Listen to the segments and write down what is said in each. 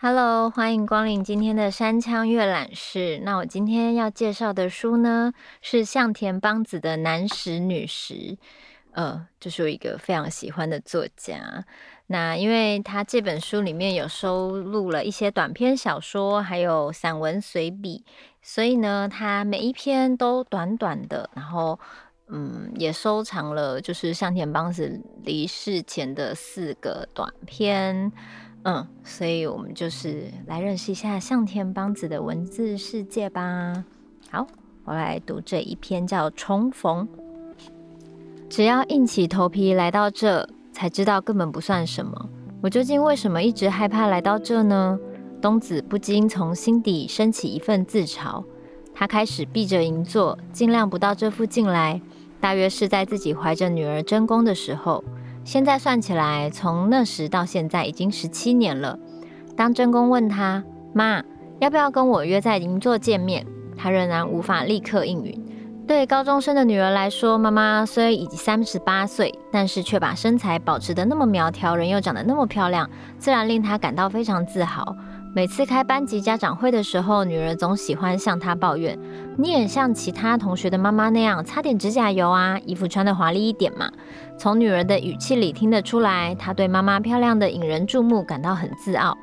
Hello，歡迎光臨今天的山羌閱覽室。那我今天要介紹的書呢，是向田邦子的《男時女時》。呃、嗯，就是我一個非常喜歡的作家。那因為他這本書裡面有收錄了一些短篇小說，還有散文隨筆，所以呢，他每一篇都短短的。然後，嗯，也收藏了就是向田邦子離世前的四個短篇。嗯，所以我們就是來認識一下向田邦子的文字世界吧。好，我來讀這一篇叫《重逢》。只要硬起頭皮來到這，才知道根本不算什麼。我究竟為什麼一直害怕來到這呢？冬子不禁從心底升起一份自嘲。他開始避着銀座，盡量不到這附近來。大約是在自己懷着女兒真宮的時候，現在算起來，從那時到現在已經十七年了。當真宮問他：「媽，要不要跟我約在銀座見面？」他仍然無法立刻應允。對高中生的女兒來說，媽媽雖然已經三十八歲，但是卻把身材保持得那麼苗條，人又長得那麼漂亮，自然令她感到非常自豪。每次開班級家長會的時候，女兒總喜歡向她抱怨：“你也像其他同學的媽媽那樣，擦點指甲油啊，衣服穿得華麗一點嘛。”從女兒的語氣裡聽得出來，她對媽媽漂亮的引人注目感到很自傲。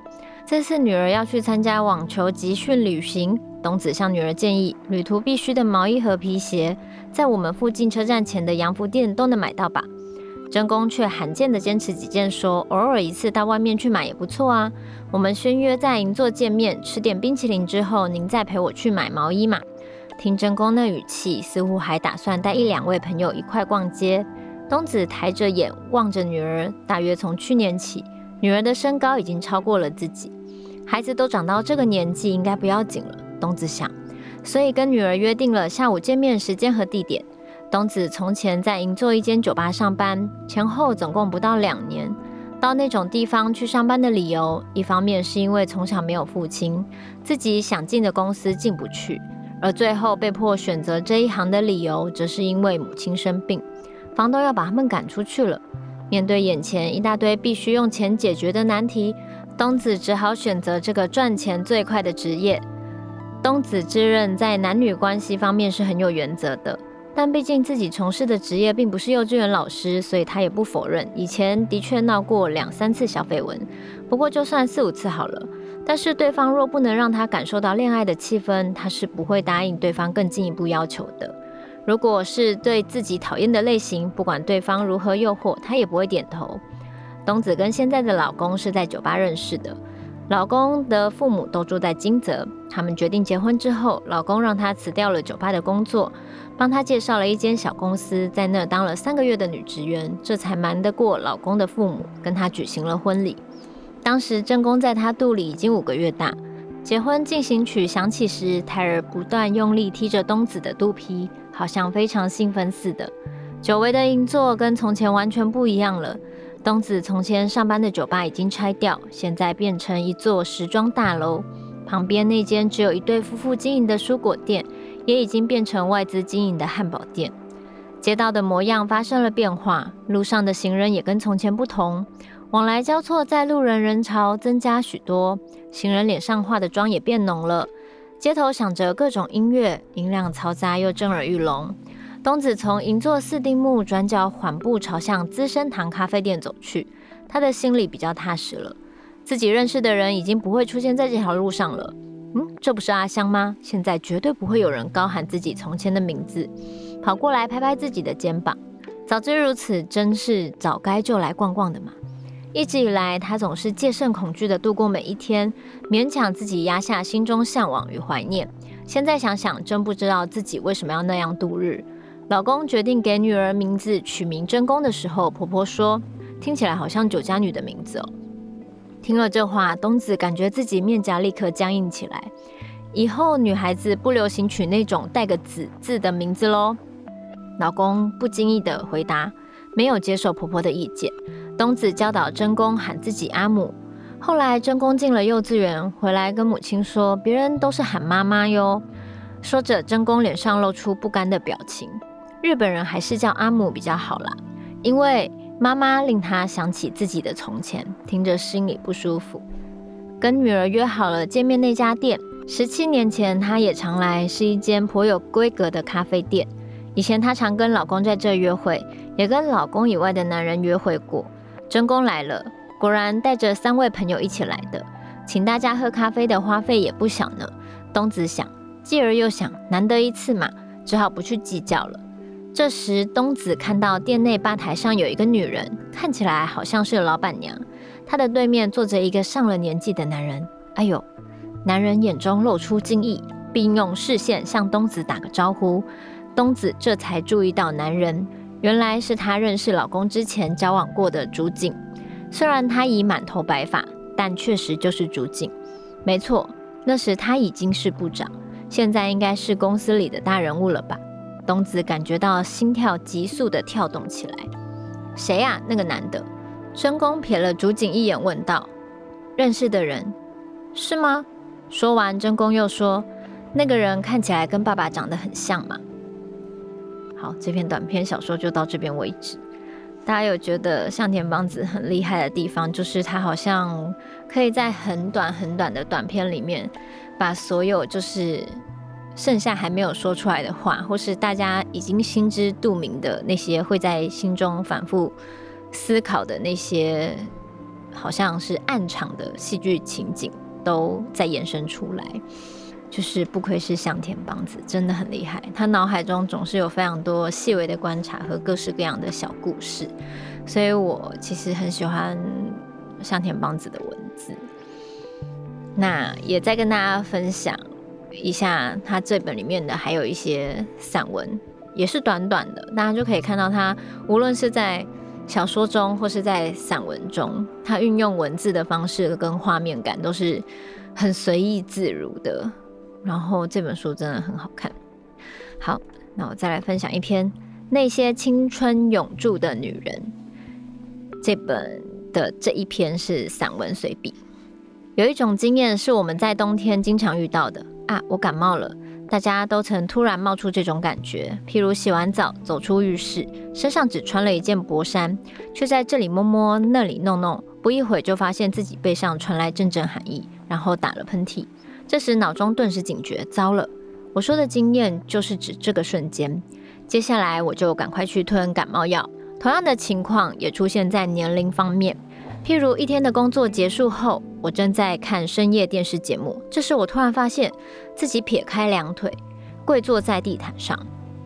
這次女兒要去參加網球集訓旅行。東子向女兒建議，旅途必需的毛衣和皮鞋，在我們附近車站前的洋服店都能買到吧？真宮卻罕見地堅持己見，說偶爾一次到外面去買也不錯啊。我們先約在銀座見面，吃點冰淇淋之後，您再陪我去買毛衣嘛。聽真宮那語氣，似乎還打算帶一兩位朋友一塊逛街。東子抬着眼望着女兒，大約從去年起，女兒的身高已經超過了自己。孩子都長到這個年紀，應該不要緊了。冬子想，所以跟女兒約定了下午見面時間和地點。冬子從前在銀座一間酒吧上班，前後總共不到兩年。到那種地方去上班的理由，一方面是因為從小沒有父親，自己想進的公司進不去；而最後被迫選擇這一行的理由，則是因為母親生病，房東要把他們趕出去了。面對眼前一大堆必須用錢解決的難題，冬子只好選擇這個賺錢最快的職業。冬子之任在男女關係方面是很有原則的，但畢竟自己從事的職業並不是幼稚園老師，所以他也不否認以前的確鬧過兩三次小緋聞。不過就算四五次好了，但是對方若不能讓他感受到戀愛的氣氛，他是不會答應對方更進一步要求的。如果是對自己討厭的類型，不管對方如何誘惑，他也不會點頭。冬子跟現在的老公是在酒吧認識的，老公的父母都住在金澤。他們決定結婚之後，老公讓她辭掉了酒吧的工作，幫她介紹了一間小公司，在那當了三個月的女職員，這才瞞得過老公的父母，跟他舉行了婚禮。當時正宮在她肚裡已經五個月大，結婚進行曲響起時，胎兒不斷用力踢着冬子的肚皮，好像非常興奮似的。久違的銀座跟從前完全不一樣了。冬子從前上班的酒吧已經拆掉，現在變成一座時裝大樓。旁邊那間只有一對夫婦經營的蔬果店，也已經變成外資經營的漢堡店。街道的模樣發生了變化，路上的行人也跟從前不同，往來交錯在路人人潮增加許多，行人臉上化的妝也變濃了。街頭響着各種音樂，音量嘈雜又震耳欲聾。東子從銀座四丁目轉角緩步朝向資生堂咖啡店走去，他的心裡比較踏實了。自己認識的人已經不會出現在這條路上了。嗯，這不是阿香嗎？現在絕對不會有人高喊自己從前的名字，跑過來拍拍自己的肩膀。早知如此，真是早該就來逛逛的嘛。一直以來，她總是戒慎恐懼地度過每一天，勉強自己壓下心中向往與懷念。現在想想，真不知道自己為什麼要那樣度日。老公決定給女兒名字取名真宮的時候，婆婆說：“聽起來好像酒家女的名字哦。”聽了這話，冬子感覺自己面頰立刻僵硬起來。以後女孩子不流行取那種帶個“子”字的名字嘍。老公不經意的回答，沒有接受婆婆的意見。冬子教導真宮喊自己阿母。後來真宮進了幼稚園，回來跟母親說：“別人都是喊媽媽喲。”說着，真宮臉上露出不甘的表情。日本人還是叫阿母比較好啦，因為。媽媽令她想起自己的從前，聽着心裏不舒服。跟女兒約好了見面那家店，十七年前她也常來，是一間頗有規格的咖啡店。以前她常跟老公在這約會，也跟老公以外的男人約會過。真公來了，果然帶着三位朋友一起來的。請大家喝咖啡的花費也不小呢。冬子想，繼而又想，難得一次嘛，只好不去計較了。這時，冬子看到店內吧台上有一個女人，看起來好像是老闆娘。她的對面坐着一個上了年紀的男人。哎呦，男人眼中露出敬意，並用視線向冬子打個招呼。冬子這才注意到男人，原來是他認識老公之前交往過的竹井。雖然他已滿頭白髮，但確實就是竹井。沒錯，那時他已經是部長，現在應該是公司裡的大人物了吧。東子感覺到心跳急速地跳動起來。誰呀、啊？那個男的？真宮瞥了竹井一眼，問道：“認識的人是嗎？”說完，真宮又說：“那個人看起來跟爸爸長得很像嘛。”好，這篇短篇小說就到這邊為止。大家有覺得向田邦子很厲害的地方，就是他好像可以在很短很短的短篇裡面，把所有就是。剩下還沒有說出來的話，或是大家已經心知肚明的那些，會在心中反覆思考的那些，好像是暗場的戲劇情景，都在延伸出來。就是不愧是向田邦子，真的很厲害。他腦海中總是有非常多細微的觀察和各式各樣的小故事，所以我其實很喜歡向田邦子的文字。那也在跟大家分享。一下，他這本裡面的還有一些散文，也是短短的，大家就可以看到他無論是在小說中，或是在散文中，他運用文字的方式跟畫面感都是很隨意自如的。然後這本書真的很好看。好，那我再來分享一篇《那些青春永駐的女人》，這本的這一篇是散文隨筆。有一種經驗是我們在冬天經常遇到的。啊，我感冒了。大家都曾突然冒出這種感覺，譬如洗完澡走出浴室，身上只穿了一件薄衫，卻在這裡摸摸那裡弄弄，不一會兒就發現自己背上傳來陣陣寒意，然後打了噴嚏。這時腦中頓時警覺，糟了！我說的經驗就是指這個瞬間。接下來我就趕快去吞感冒藥。同樣的情況也出現在年齡方面。譬如一天的工作結束後，我正在看深夜電視節目，這時我突然發現自己撇開兩腿跪坐在地毯上，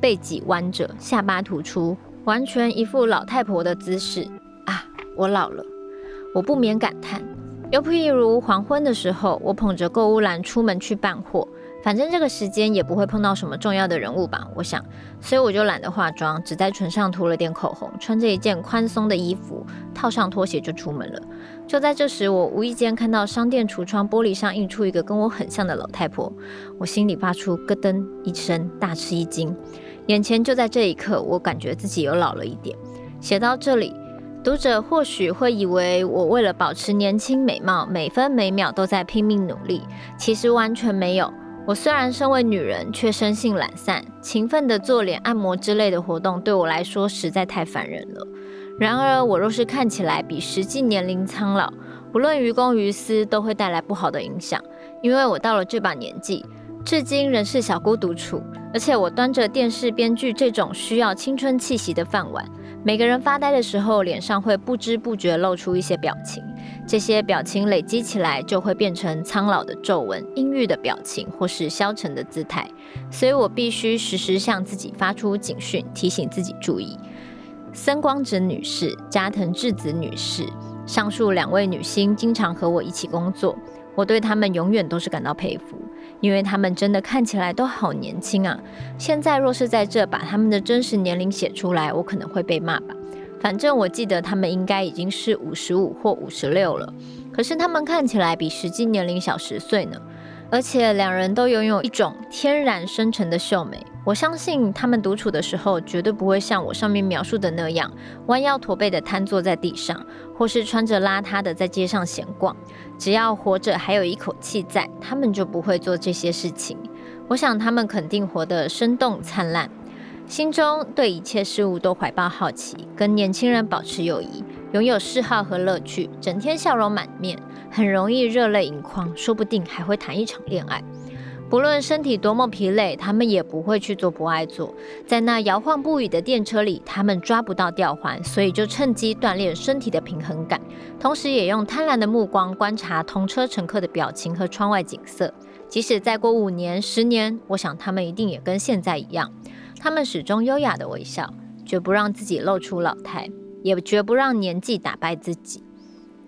背脊彎着，下巴突出，完全一副老太婆的姿勢。啊，我老了，我不免感嘆。又譬如黃昏的時候，我捧着購物籃出門去辦貨。反正這個時間也不會碰到什麼重要的人物吧，我想，所以我就懶得化妝，只在唇上塗了點口紅，穿着一件寬鬆的衣服，套上拖鞋就出門了。就在這時，我無意間看到商店櫥窗玻璃上映出一個跟我很像的老太婆，我心裡發出咯噔一聲，大吃一驚。眼前就在這一刻，我感覺自己又老了一點。寫到這裡，讀者或許會以為我為了保持年輕美貌，每分每秒都在拼命努力，其實完全沒有。我雖然身為女人，卻生性懶散，勤奮的做臉、按摩之類的活動對我來說實在太煩人了。然而，我若是看起來比實際年齡蒼老，無論於公於私都會帶來不好的影響。因為我到了這把年紀，至今仍是小姑獨處，而且我端着電視編劇這種需要青春氣息的飯碗。每個人發呆的時候，臉上會不知不覺露出一些表情，這些表情累積起來就會變成蒼老的皺紋、陰鬱的表情或是消沉的姿態。所以我必須時時向自己發出警訊，提醒自己注意。森光子女士、加藤智子女士，上述兩位女星經常和我一起工作，我對她們永遠都是感到佩服。因為他們真的看起來都好年輕啊！現在若是在這把他們的真實年齡寫出來，我可能會被罵吧。反正我記得他們應該已經是五十五或五十六了，可是他們看起來比實際年齡小十歲呢。而且兩人都擁有一種天然深沉的秀美，我相信他們獨處的時候絕對不會像我上面描述的那樣彎腰駝背的癱坐在地上，或是穿着邋遢的在街上閒逛。只要活着還有一口氣在，他們就不會做這些事情。我想他們肯定活得生動燦爛，心中對一切事物都懷抱好奇，跟年輕人保持友誼。擁有嗜好和樂趣，整天笑容滿面，很容易熱淚盈眶，說不定還會談一場戀愛。不論身體多麼疲累，他們也不會去做不愛做。在那搖晃不已的電車裡，他們抓不到吊環，所以就趁機鍛鍊身體的平衡感，同時也用貪婪的目光觀察同車乘客的表情和窗外景色。即使再過五年、十年，我想他們一定也跟現在一樣，他們始終優雅的微笑，絕不讓自己露出老態。也絕不讓年紀打敗自己。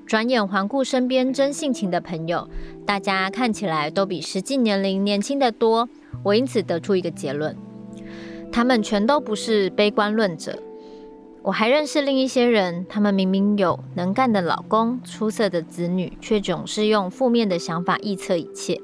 轉眼環顧身邊真性情的朋友，大家看起來都比實際年齡年輕得多。我因此得出一個結論：他們全都不是悲觀論者。我還認識另一些人，他們明明有能幹的老公、出色的子女，卻總是用負面的想法臆測一切。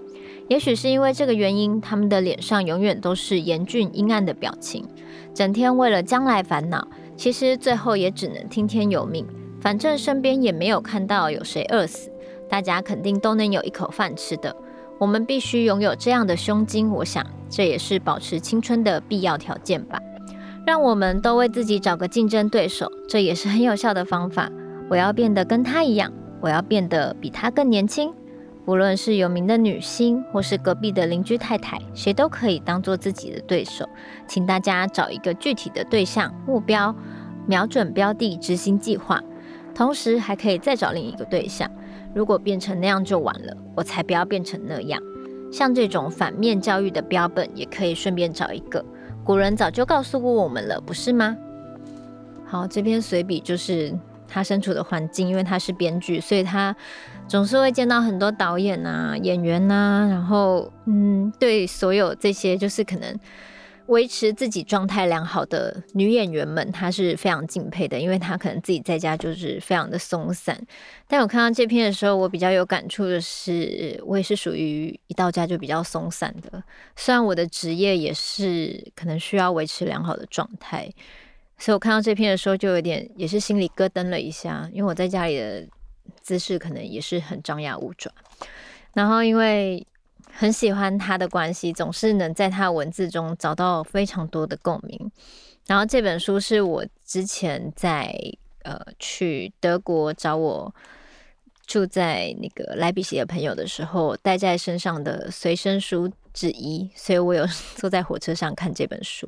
也許是因為這個原因，他們的臉上永遠都是嚴峻陰暗的表情，整天為了將來煩惱。其實最後也只能聽天由命，反正身邊也沒有看到有誰餓死，大家肯定都能有一口飯吃的。我們必須擁有這樣的胸襟，我想，這也是保持青春的必要條件吧。讓我們都為自己找個競爭對手，這也是很有效的方法。我要變得跟他一樣，我要變得比他更年輕。無論是有名的女星，或是隔壁的鄰居太太，誰都可以當做自己的對手。請大家找一個具體的對象、目標，瞄準標的，執行計劃。同時還可以再找另一個對象。如果變成那樣就完了，我才不要變成那樣。像這種反面教育的標本，也可以順便找一個。古人早就告訴過我們了，不是嗎？好，這篇隨筆就是。他身處的環境，因為他是編劇，所以他總是會見到很多導演啊、演員啊，然後嗯，對所有這些就是可能維持自己狀態良好的女演員們，他是非常敬佩的。因為他可能自己在家就是非常的鬆散。但我看到這篇的時候，我比較有感觸的是，我也是屬於一到家就比較鬆散的。雖然我的職業也是可能需要維持良好的狀態。所以我看到這篇的時候，就有點也是心裡咯噔了一下，因為我在家裡的姿勢可能也是很張牙舞爪。然後因為很喜歡他的關係，總是能在他文字中找到非常多的共鳴。然後這本書是我之前在呃去德國找我住在那個萊比錫的朋友的時候帶在身上的隨身書之一，所以我有 坐在火車上看這本書。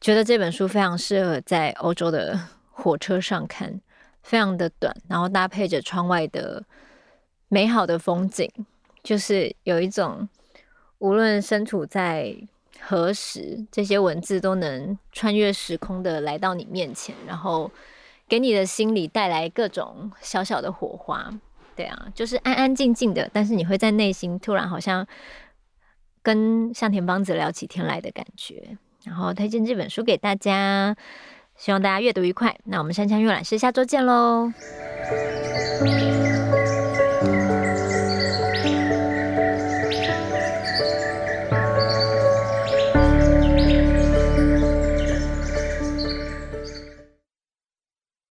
覺得這本書非常適合在歐洲的火車上看，非常的短，然後搭配着窗外的美好的風景，就是有一種無論身處在何時，這些文字都能穿越時空的來到你面前，然後給你的心裡帶來各種小小的火花。對啊，就是安安靜靜的，但是你會在內心突然好像跟向田邦子聊起天來的感覺。然後推薦這本書給大家，希望大家閱讀愉快。那我們山羌閱覽室下周見嘍。